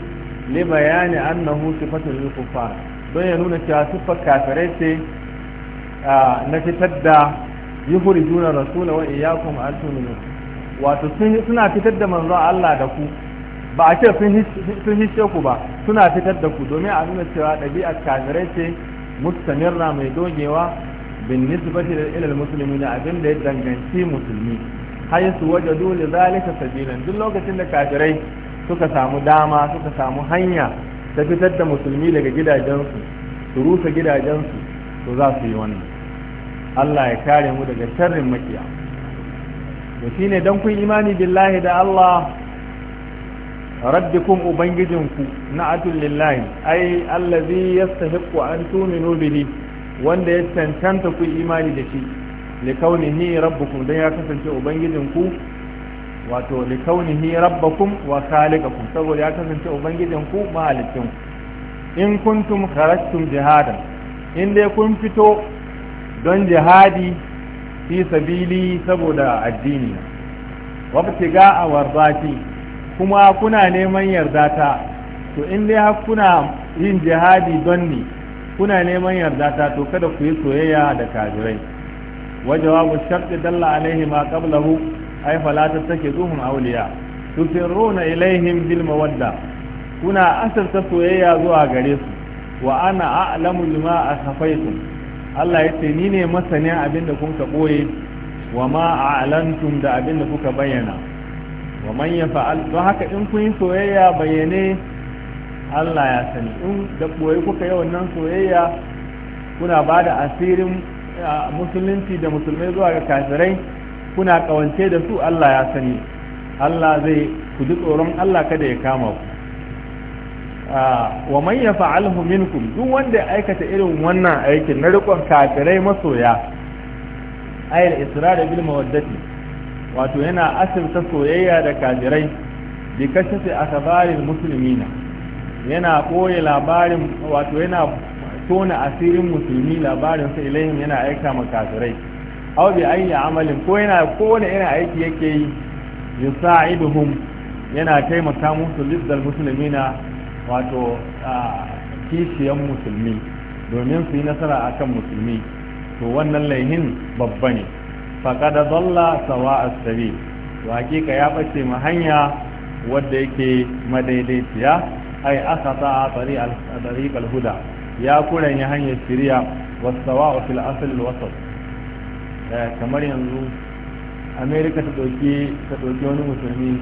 ne bayani an annahu sifatul kuffar don ya nuna cewa sufa kafirai ce ah, na fitar da yukhrijuna rasula wa iyyakum an tu'minu wato suna fitar da manzo Allah da ku ba a ce sun hisse ku ba suna fitar da ku domin a nuna cewa ɗabi'ar kafirai ce mustamirra mai dogewa bin nisbati ila musulmi na abin da ya danganci musulmi su waje dole zalika sabilan duk lokacin da kafirai suka samu dama suka samu hanya ta fitar da musulmi daga gidajensu su rusa gidajensu to za su yi wannan Allah ya kare mu daga sharrin makiya da shi ne don kun imani billahi da Allah rabbikum ubangijinku na atul lillahi ai allazi yastahiqu an tuminu bihi wanda ya cancanta ku imani da shi li kaunihi rabbukum dan ya kasance ubangijinku wato li kaunihi rabbakum wa khaliqakum saboda ya kasance ubangijinku mahalicinku in kuntum kharajtum jihadan in dai kun fito don jihadi fi sabili saboda addini wabtiga a warzati kuma kuna neman yarda ta to in dai har kuna yin jihadi don ni kuna neman yarda ta to kada ku yi soyayya da kafirai wa jawabu sharti dalla alaihi ma qablahu ay fala tattakizuhum awliya tusirruna ilaihim bil mawadda kuna ta soyayya zuwa gare su wa ana a'lamu a akhafaytum Allah ya ce ni ne masanin abinda kun ka boye wa ma a'lantum da abinda kuka bayyana wa man fa'al don haka in kun yi soyayya bayyane Allah ya sani in da boye kuka yi wannan soyayya kuna ba da asirin musulunci da musulmai zuwa ga kafirai kuna kawance da su Allah ya sani Allah zai ku ji tsoron Allah kada ya kama ku Ah, wa man yafa'alhu minkum duk wanda ya aikata irin wannan aikin na rikon kafirai masoya ayal israr bil mawaddati wato yana asirta soyayya da kafirai bi kashfi akhbaril muslimina yana koyi labarin wato yana tona asirin musulmi labarin sa ilayhim yana aika ma kafirai aw bi ayi amalin ko yana ko wani irin aiki yake yi yusa'iduhum yana taimaka musu lizzal muslimina wato kishiyan musulmi domin su yi nasara kan musulmi to wannan laihin babba ne faƙada zalla sawa asari to hakika ya ɓace ma hanya wadda yake madaidaiciya ai aka ta a tsari huda ya kuren ya hanyar shirya wasawa a fil asalin wasat eh, kamar yanzu amerika ta ɗauki wani musulmi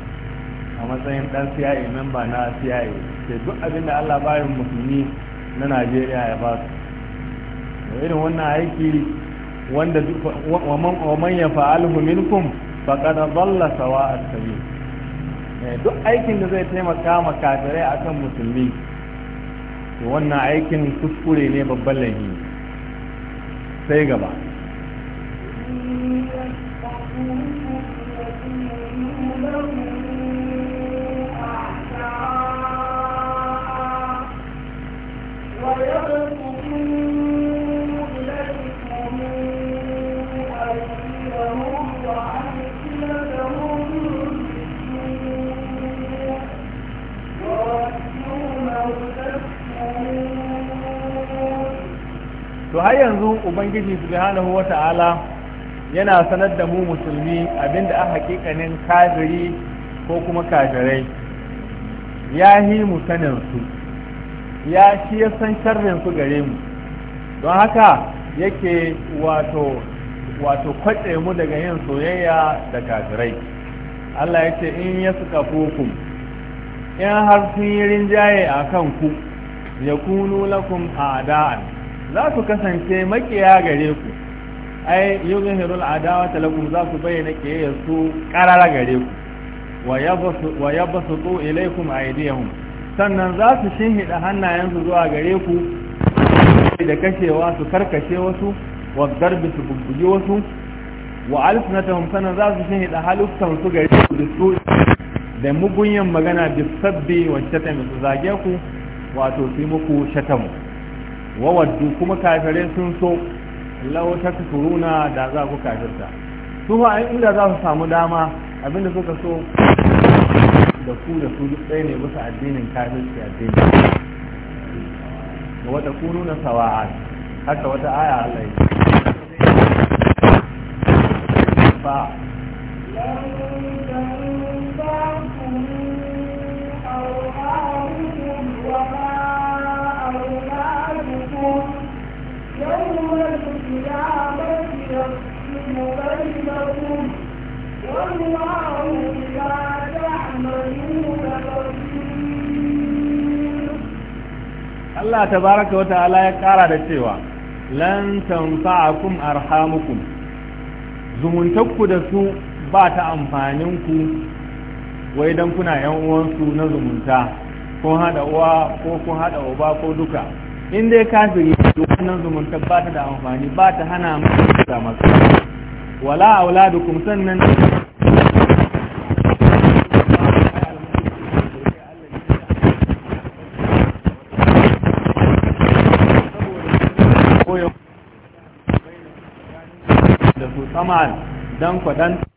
a matsayin ɗan CIA memba na CIA sai duk abin da Allah bayan musulmi na Najeriya ya ba su irin wannan aiki wanda wa man ya fa'alhu minkum faqad dhalla sawa'a sabil eh, duk aikin da zai taimaka ma kafirai akan musulmi to wannan aikin kuskure ne babban lahi sai gaba ubangiji subhanahu ta'ala yana sanar da mu musulmi abinda a hakikanin kafiri ko kuma kafirai ya yi mu su ya shi ya san sharrin su gare mu don haka yake wato wato kwace mu daga yin soyayya da kafirai Allah ya in ya suka fukum in har sun yi rinjaye a kan ku ya kunu lakum a da'an za su kasance makiya gare ku ai adawa ta lakum za su bayyana ke su karara gare ku wa yabsutu a aydiyahum sannan za su shinhida hannayensu zuwa gare ku da kashewa su karkashe wasu wa darbi su bubbuge wasu wa alsinatahum sannan za su shinhida haluftan su gare ku da su da mugunyan magana bisabbi wa shatami zage ku wato su muku shatamu wa waddu kuma kafirai sun so ta takfuruna da za ku kafirta su ba inda za su samu dama abinda suka so da ku da su duk ne bisa addinin kafirci addini da wata kunu na sawa'a haka wata aya Allah ya ba Allah ta baraka wa ta'ala ya ƙara da cewa lan tanfa'akum arhamukum zumuntakku da su ba ta amfanin ku wai dan kuna yan uwansu na zumunta ko hada uwa ko kun hada uba ko duka in dai kafiri to wannan zumunta ba ta da amfani ba ta hana masa da masu wala auladukum sannan da su sama'an don kwadanta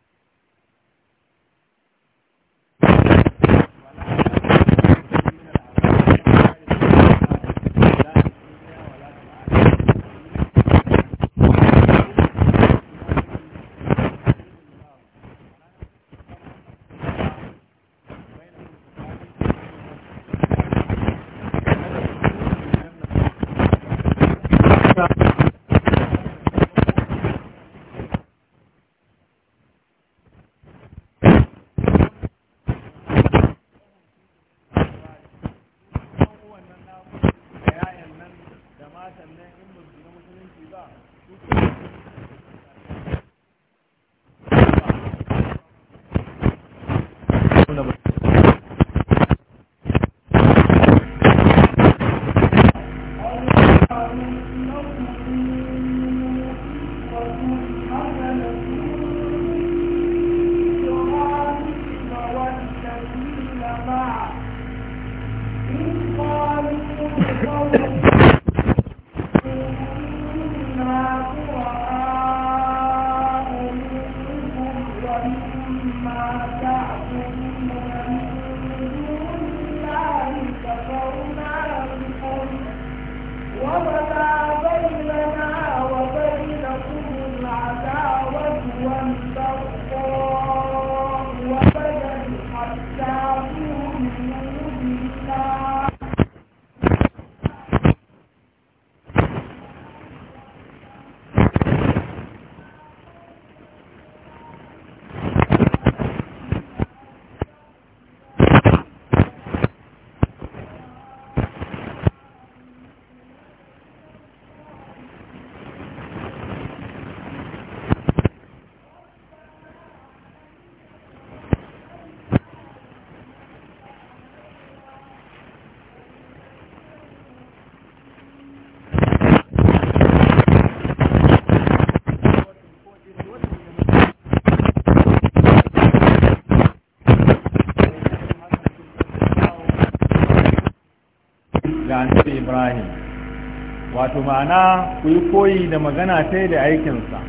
ibrahim wato ma'ana ku yi koyi da magana ta da aikinsa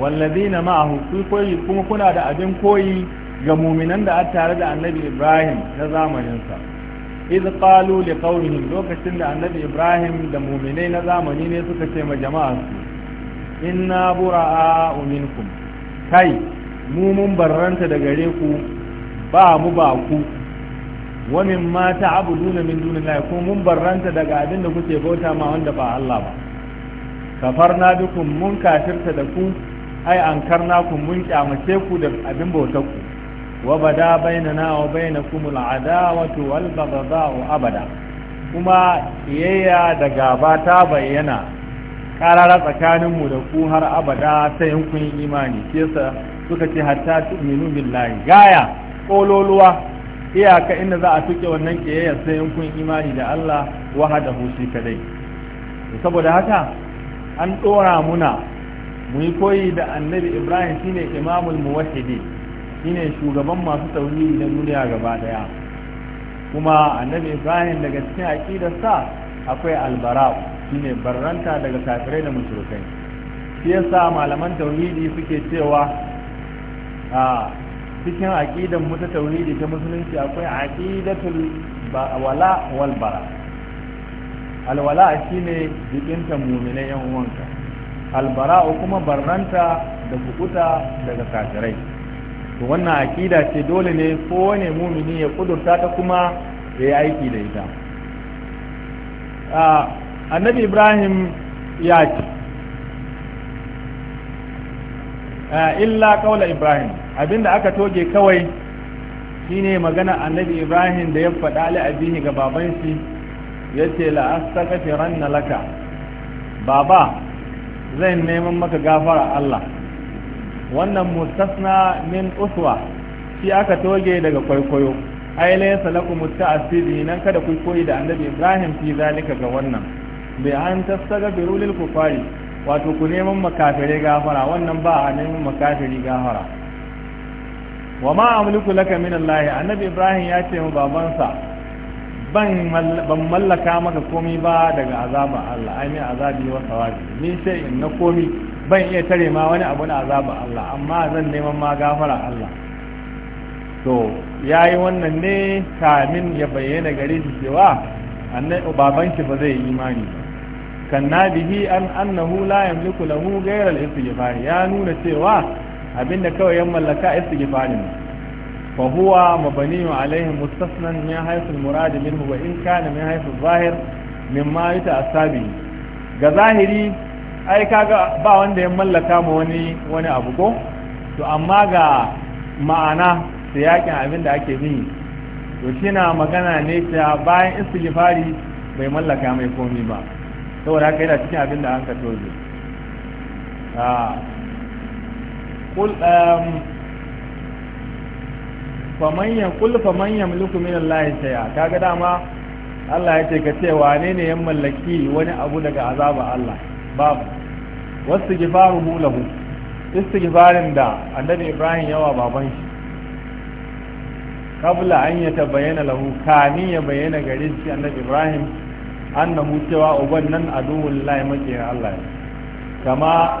wallazina ma'ahu ku koyi kuma kuna da abin koyi ga muminan da a tare da annabi ibrahim na zamaninsa iz qalu li qaumihim lokacin da annabi ibrahim da muminai na zamani ne suka ce ma jama'arsu su inna bura'a'u minkum kai mu mun barranta da gare ku ba mu ba ku wa mimma ta'buduna min dunillahi ko mun barranta daga abin da kuke bauta ma wanda ba Allah ba kafarna bikum mun kafirta da ku ai ankarna ku mun kyamace ku da abin bautar ku wa bada bainana wa bainakum al'adawatu wal baghdha'u abada kuma kiyayya da gaba ta bayyana karara tsakanin mu da ku har abada sai kun imani kesa suka ce hatta tu'minu billahi gaya kololuwa iyaka inda za a tuke wannan kiyayyar sai in kun imani da Allah wahdahu shi kadai saboda haka an dora muna mu yi koyi da annabi Ibrahim shine imamul muwahhidi shine shugaban masu tauhidi na duniya gaba daya kuma annabi Ibrahim daga cikin sa akwai albara'u shine barranta daga kafirai da mushrikai shi yasa malaman tauhidi suke cewa a ah, cikin aƙidan muta tauhidi ta musulunci akwai aqidatul wala wal bara alwala shine jikinta mumina yan uwanka albara kuma barranta da bukuta daga kafirai to wannan aqida ce dole ne wane mumini ya kudurta ta kuma ya yi aiki da ita annabi ibrahim ya ce illa kaula ibrahim abinda aka toge kawai shine magana annabi ibrahim da ya faɗa a abini ga baban shi yace la na laka baba zai neman maka gafara Allah wannan mustasna min uswa shi aka toge daga kwaikwayo ai laysa lakum asiri nan kada ku koyi da annabi ibrahim fi zalika ga wannan Bai an tastaghfiru birulil kufari wato ku neman makafire gafara wannan ba a neman makafiri gafara wa ma amliku laka min Allah annabi Ibrahim ya ce mu babansa ban ban mallaka maka komai ba daga azaba Allah ai azabi wa sawabi ni sai in na komai ban iya tare ma wani abu na azaba Allah amma zan neman ma gafara Allah to yayi wannan ne kamin ya bayyana gare shi cewa annabi baban ba zai yi imani ba kanna bihi an annahu la yamliku lahu ghayra al-istighfar ya nuna cewa abinda kawai yan mallaka istighfari ne fa huwa mabniyun alaihi mustasnan min haythu al-murad minhu wa in kana min haythu al-zahir mimma asabi ga zahiri ai kaga ba wanda ya mallaka ma wani wani abu ko to amma ga ma'ana da yakin abin da ake bi to shi magana ne ta bayan istighfari bai mallaka mai komi ba saboda haka yana cikin abinda da an ka tozo ah. qul faman yaqul faman yamliku min Allah shay'a kaga dama Allah ya ce ka ce wane ne yan mallaki wani abu daga azaba Allah babu wasu gifaruhu lahu istighfarin da annabi Ibrahim yawa baban shi kabla an ya tabayyana lahu kamin ya bayyana gare shi annabi Ibrahim annahu cewa uban nan aduwwul lahi makiyar Allah kama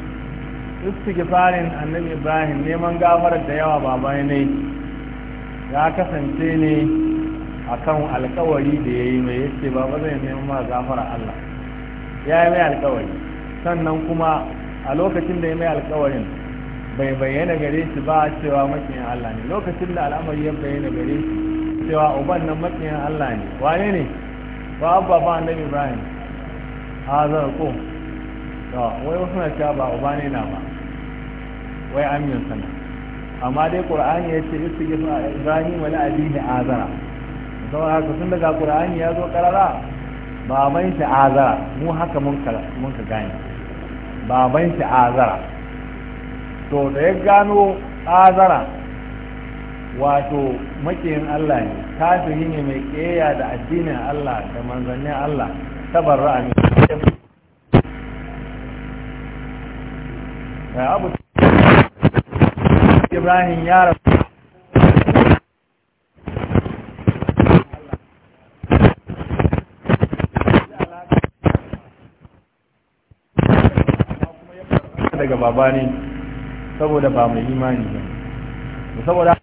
istighfarin annabi ibrahim neman gafarar da yawa babai ne ya kasance ne akan alkawari da ya yi mai yace baba zai neman ma gafara allah ya yi mai alkawari sannan kuma a lokacin da ya mai alkawarin bai bayyana gare shi ba cewa makiyin allah ne lokacin da al'amari ya bayyana gare shi cewa uban nan makiyin allah ne wane ne ba abba ba annabi ibrahim a zarko wai wasu na ba uba ne na ba wai amin sana amma dai qur'ani ya ce istighfar a ibrahim wani abihi azara don haka tun daga qur'ani ya zo karara baban shi azara mu haka mun ka mun ba gane baban shi azara to da ya gano azara wato makiyin Allah ne kafiri ne mai keya da addinin Allah da manzannin Allah tabarra'a ne ya abu ibrahim ya rasu daga babani saboda ba mai imani ba saboda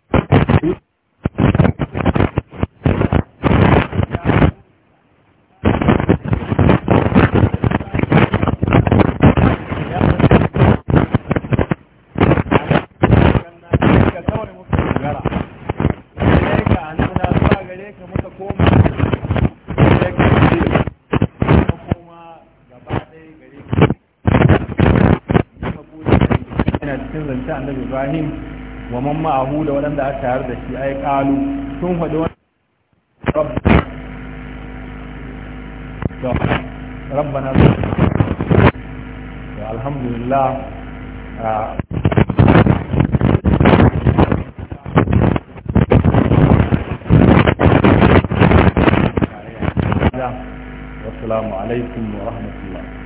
ibrahim wa man ma'ahu da waɗanda aka tayar da shi ai qalu sun faɗi wani rabbana to alhamdulillah والسلام عليكم ورحمة الله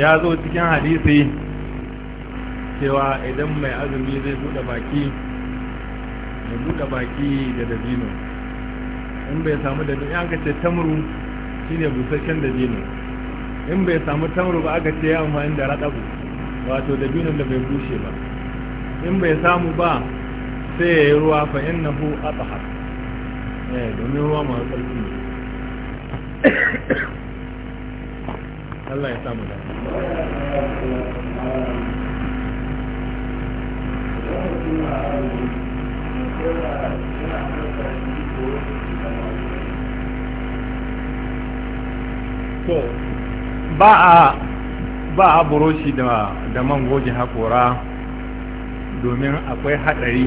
ya zo cikin hadisi cewa idan mai azumi zai buɗe baki ya buɗe baki da dabino in bai samu dabino ya ce tamru shine busasshen dabino in bai samu tamru ba aka ce ya amfani da raɗabu wato dabino da bai bushe ba in bai samu ba sai ya yi ruwa fa innahu atahar eh domin ruwa masu tsarki ne Allah ya samu da to ba a ba a buroshi da da man goge hakora domin akwai hadari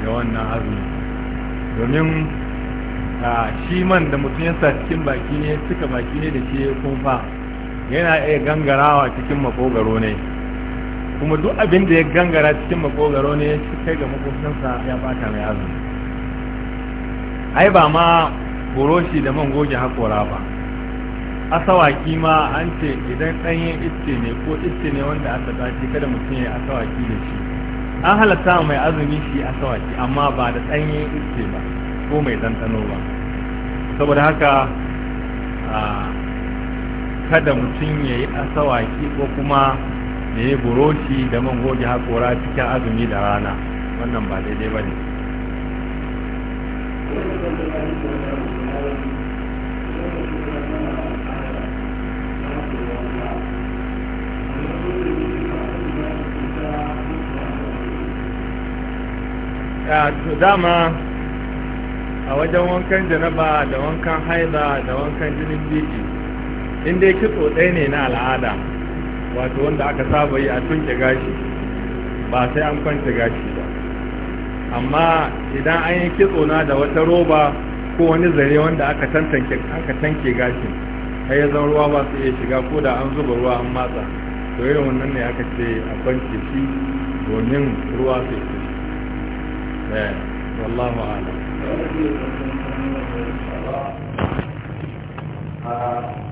da wannan azumi domin a shi man da mutum ya sa cikin baki ne suka baki ne da shi ya kumfa yana iya gangarawa cikin makogaro ne kuma duk abin da ya gangara cikin makogaro ne ya kai ga makosansa ya bata mai azumi ai ba ma buroshi da man goge hakora ba asawaki ma an ce idan ɗanyen iske ne ko iske ne wanda aka tashi kada mutum ya asawaki da shi an halatta mai azumi shi asawaki amma ba da ɗanyen iske ba ko mai ɗanɗano ba saboda haka ah, kada mutum ya yi asawaki ko kuma ya yi buroshi da man goge haƙora cikin azumi da rana wannan ba daidai ba ne dama a wajen wankan janaba da wankan haida da wankan jinin biki in dai kitso ɗaya ne na al'ada wato wanda aka saba yi a tunke gashi ba sai an kwance gashi ba amma idan an yi kitso na da wata roba ko wani zare wanda aka tantance aka tanke gashin har ya zama ruwa ba su iya shiga ko da an zuba ruwa an matsa to irin wannan ne aka ce a kwance shi domin ruwa su yi eh wallahu a'lam